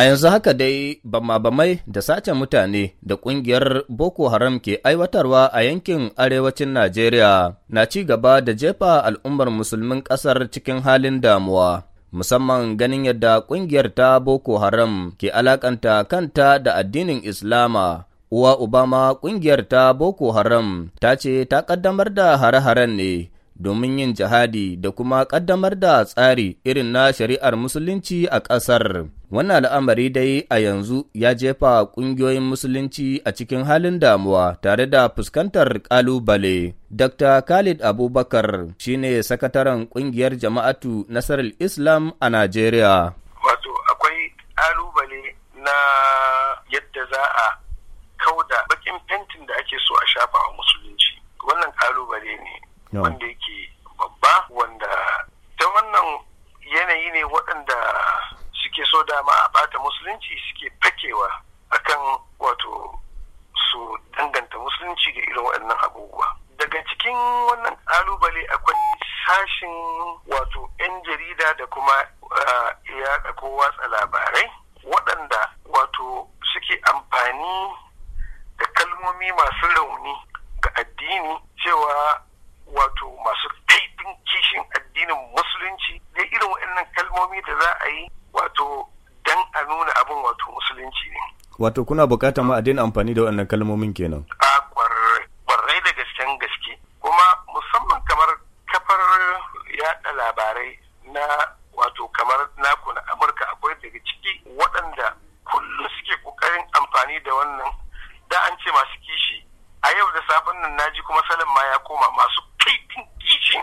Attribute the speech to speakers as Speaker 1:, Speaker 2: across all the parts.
Speaker 1: A yanzu haka dai bama-bamai da sace mutane da ƙungiyar Boko Haram ke aiwatarwa a yankin arewacin Najeriya na ci gaba da jefa al'ummar musulmin ƙasar cikin halin damuwa. Musamman ganin yadda ƙungiyar ta Boko Haram ke alakanta kanta da addinin Islama Uwa Obama ƙungiyar ta Boko Haram ta ce ta ƙaddamar da hare-haren ne domin yin jihadi da kuma ƙaddamar da tsari irin na shari'ar musulunci a ƙasar. Wannan al'amari dai a yanzu ya jefa ƙungiyoyin musulunci a cikin halin damuwa tare da fuskantar ƙalubale. Dr. Khalid Abubakar shi ne sakataren ƙungiyar jama'atu Nasarar Islam a Najeriya. Wato
Speaker 2: akwai ƙalubale na yadda za a kauda bakin fentin da ake so a shafa wa musulunci. Wannan ƙalubale ne wanda shi irin waɗannan abubuwa daga cikin wannan kalubale akwai sashin wato 'yan jarida da kuma eh, yaɗa ko watsa labarai waɗanda wato suke amfani da kalmomi masu rauni ga addini cewa wato masu kaifin kishin addinin musulunci da irin waɗannan kalmomi da za a yi wato dan a nuna abin wato musulunci ne
Speaker 1: wato kuna bukatar ma daina amfani da waɗannan kalmomin kenan
Speaker 2: labarai na wato kamar naku na amurka akwai daga ciki waɗanda kullum suke ƙoƙarin amfani da wannan da an ce masu kishi a yau da safen nan na ji kuma salin ma ya koma masu kaifin kishin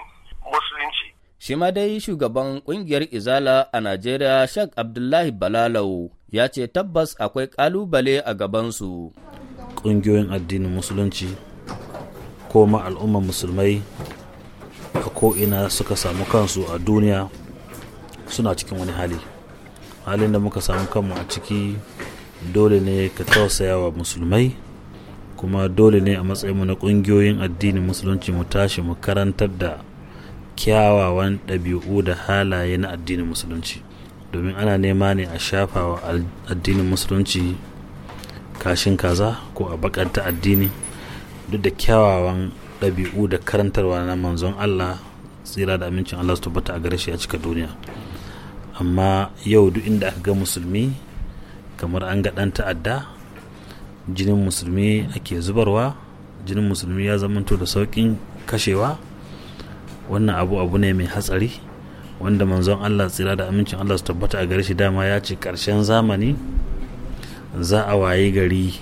Speaker 2: musulunci
Speaker 1: shi ma dai shugaban kungiyar izala a najeriya shak abdullahi balalau ya ce tabbas akwai ƙalubale a gabansu
Speaker 3: ƙungiyoyin addinin musulunci ko ma al'ummar musulmai ko'ina suka samu kansu a duniya suna cikin wani hali halin da muka samu kanmu a ciki dole ne ka tausaya wa musulmai kuma dole ne a matsayinmu na ƙungiyoyin addinin musulunci mu tashi mu karantar da kyawawan ɗabi'u da halaye na addinin musulunci domin ana nema ne a shafa wa addinin musulunci kashin kaza ko a bakanta addini duk da kyawawan ɗabi'u da karantarwa na manzon Allah tsira da amincin Allah su tabbata a gare shi a cika duniya amma yau duk inda aka ga musulmi kamar an ga ɗan ta'adda jinin musulmi ake zubarwa jinin musulmi ya zamanto da sauƙin kashewa wannan abu abu ne mai hatsari wanda manzon Allah tsira da amincin Allah su tabbata a gare shi dama ya ce karshen zamani za a wayi gari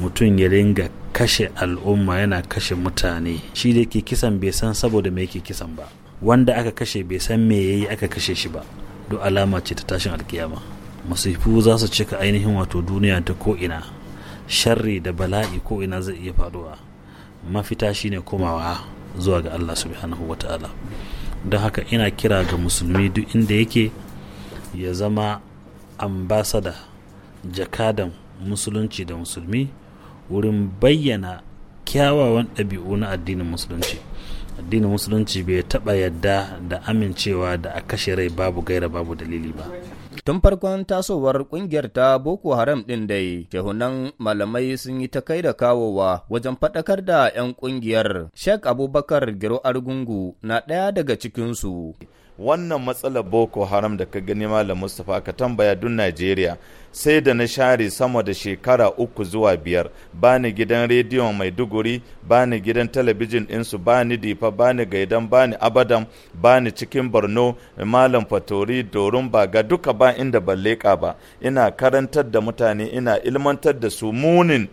Speaker 3: mutum ya ringa kashe al'umma yana kashe mutane shi da ke kisan bai san saboda mai yake kisan ba wanda aka kashe bai san me yi aka kashe shi ba duk alama ce ta tashin alkiyama masifu za su cika ainihin wato duniya ta ko'ina sharri da bala'i ko'ina zai iya faduwa mafita shine komawa zuwa ga allah subhanahu ta'ala don haka ina kira ga musulmi duk inda yake ya zama ambasada jakadan musulunci da musulmi wurin bayyana kyawawan ɗabi'u na addinin musulunci addinin musulunci bai taɓa yadda
Speaker 1: da amincewa da a kashe rai babu gaira babu dalili ba tun farkon tasowar kungiyar ta boko haram ɗin dai shehunan malamai sun yi ta kai da kawowa wajen faɗakar da 'yan kungiyar shek abubakar giro argungu na ɗaya daga cikinsu wannan matsalar boko haram da ka gani malam mustapha ka tambaya dun najeriya
Speaker 4: sai da na share sama da shekara uku zuwa biyar bani gidan rediyon maiduguri bani gidan talabijin ɗinsu bani difa bani gaidan bani abadan bani cikin borno malam fatori dorin ga duka ba inda ban leƙa ba ina karantar da mutane ina ilmantar da su munin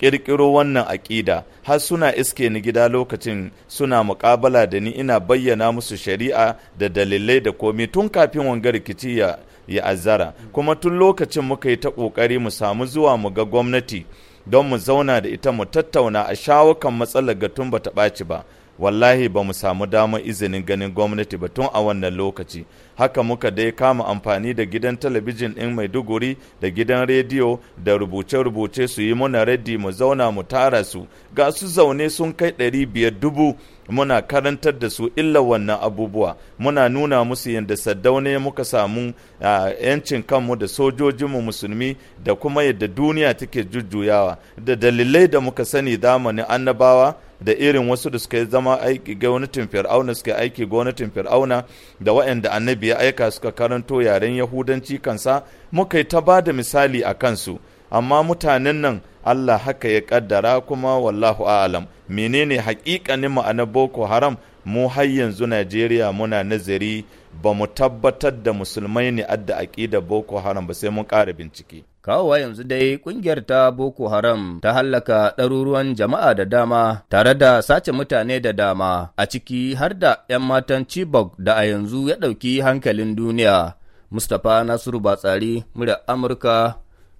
Speaker 4: kirkiro wannan aƙida har suna iske ni gida lokacin suna muƙabala da ni ina bayyana musu shari'a da dalilai da komi tun kafin wanga rikici ya ya azara kuma tun lokacin muka yi ta ƙoƙari mu samu zuwa mu ga gwamnati don mu zauna da ita mu tattauna a shawukan matsalar ga tun bata ɓaci ba wallahi ba mu samu damar izinin ganin gwamnati ba tun a wannan lokaci haka muka dai kama amfani da gidan talabijin ɗin maiduguri da gidan rediyo da rubuce-rubuce su yi muna raddi mu zauna mu tara su ga su zaune sun kai ɗari biyar dubu muna karantar da su illa wannan abubuwa muna nuna musu yadda ne muka samu yancin kanmu da sojojinmu musulmi da kuma yadda duniya take jujjuyawa da dalilai da muka sani zamanin annabawa da irin wasu da suka zama aiki gwamnatin fir'auna suka aiki gwamnatin fir'auna da waɗanda annabi ya aika suka karanto yaren yahudanci kansa muka yi ta ba da misali a kansu amma mutanen nan Allah haka ya ƙaddara kuma wallahu a'lam menene haƙiƙanin ma'anar boko haram mu har yanzu Najeriya muna nazari ba mu tabbatar da musulmai ne adda aƙida boko haram ba sai mun ƙara
Speaker 1: bincike kawowa yanzu dai kungiyar ta boko haram ta hallaka ɗaruruwan jama'a da dama tare da sace mutane da dama a ciki har da 'yan matan chibok da a yanzu ya ɗauki hankalin duniya mustapha nasiru batsari murya amurka